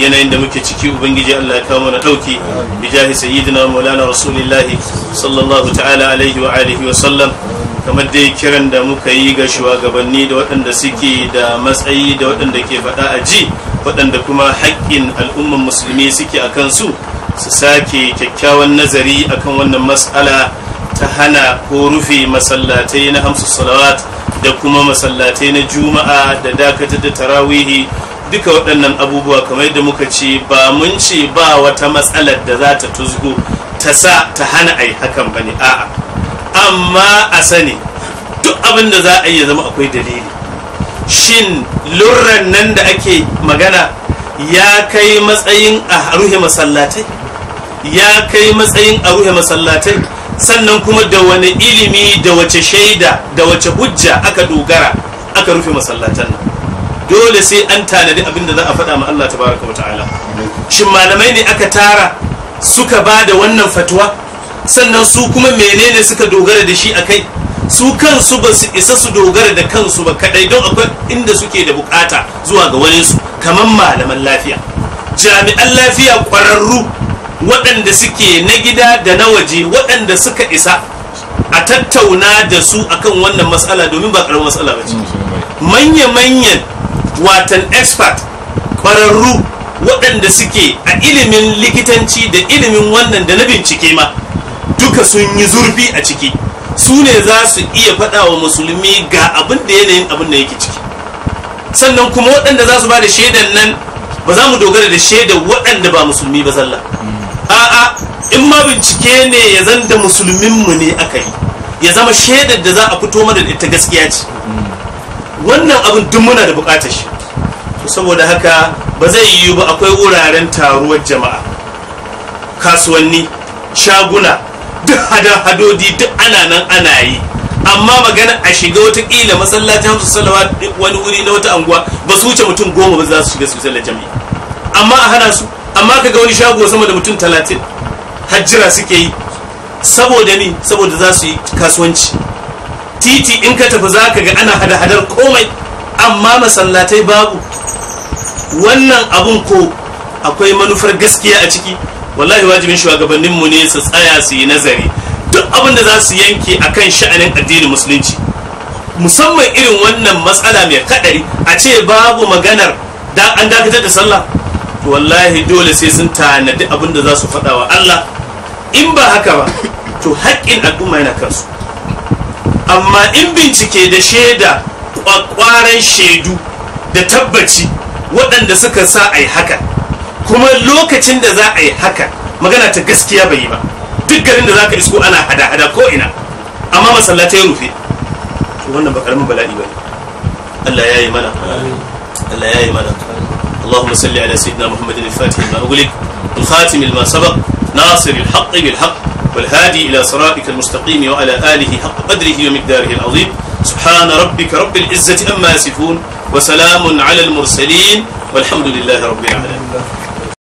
yanayin da muke ciki ubangiji Allah ya kawo mana dauki bi jahi sayyidina maulana rasulillahi sallallahu ta'ala alaihi wa alihi wa sallam kamar dai kiran da muka yi ga shugabanni da waɗanda suke da matsayi da waɗanda ke faɗa a ji waɗanda kuma haƙƙin al'umman musulmi suke a kansu su sake kyakkyawan nazari akan wannan mas'ala ta hana ko rufe masallatai na hamsu salawat da kuma masallatai na juma'a da dakatar da tarawihi duka waɗannan abubuwa kamar da muka ce ba mun ce ba wata matsalar da za ta tuzgo ta sa ta hana a yi hakan ba ne a'a amma a sani duk abin da za a yi ya zama akwai dalili shin lurran nan da ake magana ya kai matsayin a ruhe masallatai ya kai matsayin a ruhe masallatai sannan kuma da wani ilimi da wace shaida da wace hujja aka dogara aka rufe masallatan nan dole sai an tanadi abin da za a faɗa ma Allah ta baraka wa ta'ala shin malamai ne aka tara suka ba da wannan fatuwa sannan su kuma menene suka dogara da shi a kai su kansu ba su isa su dogara da kansu ba kaɗai. don akwai inda suke da bukata zuwa ga wani su kamar malaman lafiya jami'an lafiya ƙwararru waɗanda suke na gida da na waje waɗanda suka isa a tattauna da su akan wannan matsala domin ba ƙaramin matsala ba ce manya-manyan watan expert ƙwararru waɗanda suke a ilimin likitanci da ilimin wannan da na bincike ma duka sun yi zurfi a ciki su ne za su iya faɗa wa musulmi ga abin da yanayin abin da yake ciki sannan kuma waɗanda za su ba da shaidan nan ba za mu dogara da shaida waɗanda ba musulmi ba zalla a'a in ma bincike ne ya zan da musulminmu ne aka yi ya zama shaidar da za a fito mana da ita gaskiya ce wannan abin duk muna da bukatar shi saboda haka ba zai yiwu ba akwai wuraren taruwar jama'a kasuwanni shaguna duk hada-hadodi duk ana nan ana yi amma magana a shiga wata watakila masallaci hamsu salawa wani wuri na wata anguwa ba su wuce mutum goma ba za su shiga su sallar jami'i amma a hana su amma ka ga wani shago sama da mutum talatin hajjira suke yi saboda ni saboda za su yi kasuwanci titi in ka tafi za ka ga ana hada-hadar komai amma masallatai babu wannan abun ko akwai manufar gaskiya a ciki wallahi wajibin shugabanninmu ne su tsaya su yi nazari duk abin da za su yanke a kan sha'anin addinin musulunci musamman irin wannan matsala mai kadari a ce babu maganar da an dakatar da sallah to wallahi dole sai sun tanadi abin da za su faɗa wa Allah in ba haka ba to haƙƙin al'umma yana kansu amma in bincike da shaida kwakwaren shaidu da tabbaci waɗanda suka sa a yi haka kuma lokacin da za a yi haka magana ta gaskiya bai yi ba duk garin da za ka isko ana hada-hada ko ina amma masallatai rufe to wannan ba karamin bala'i ba Allah ya yi mana Allah ya yi mana اللهم صل على سيدنا محمد الفاتح لما أغلق الخاتم لما سبق ناصر الحق بالحق والهادي إلى صراطك المستقيم وعلى آله حق قدره ومقداره العظيم سبحان ربك رب العزة أما يصفون وسلام على المرسلين والحمد لله رب العالمين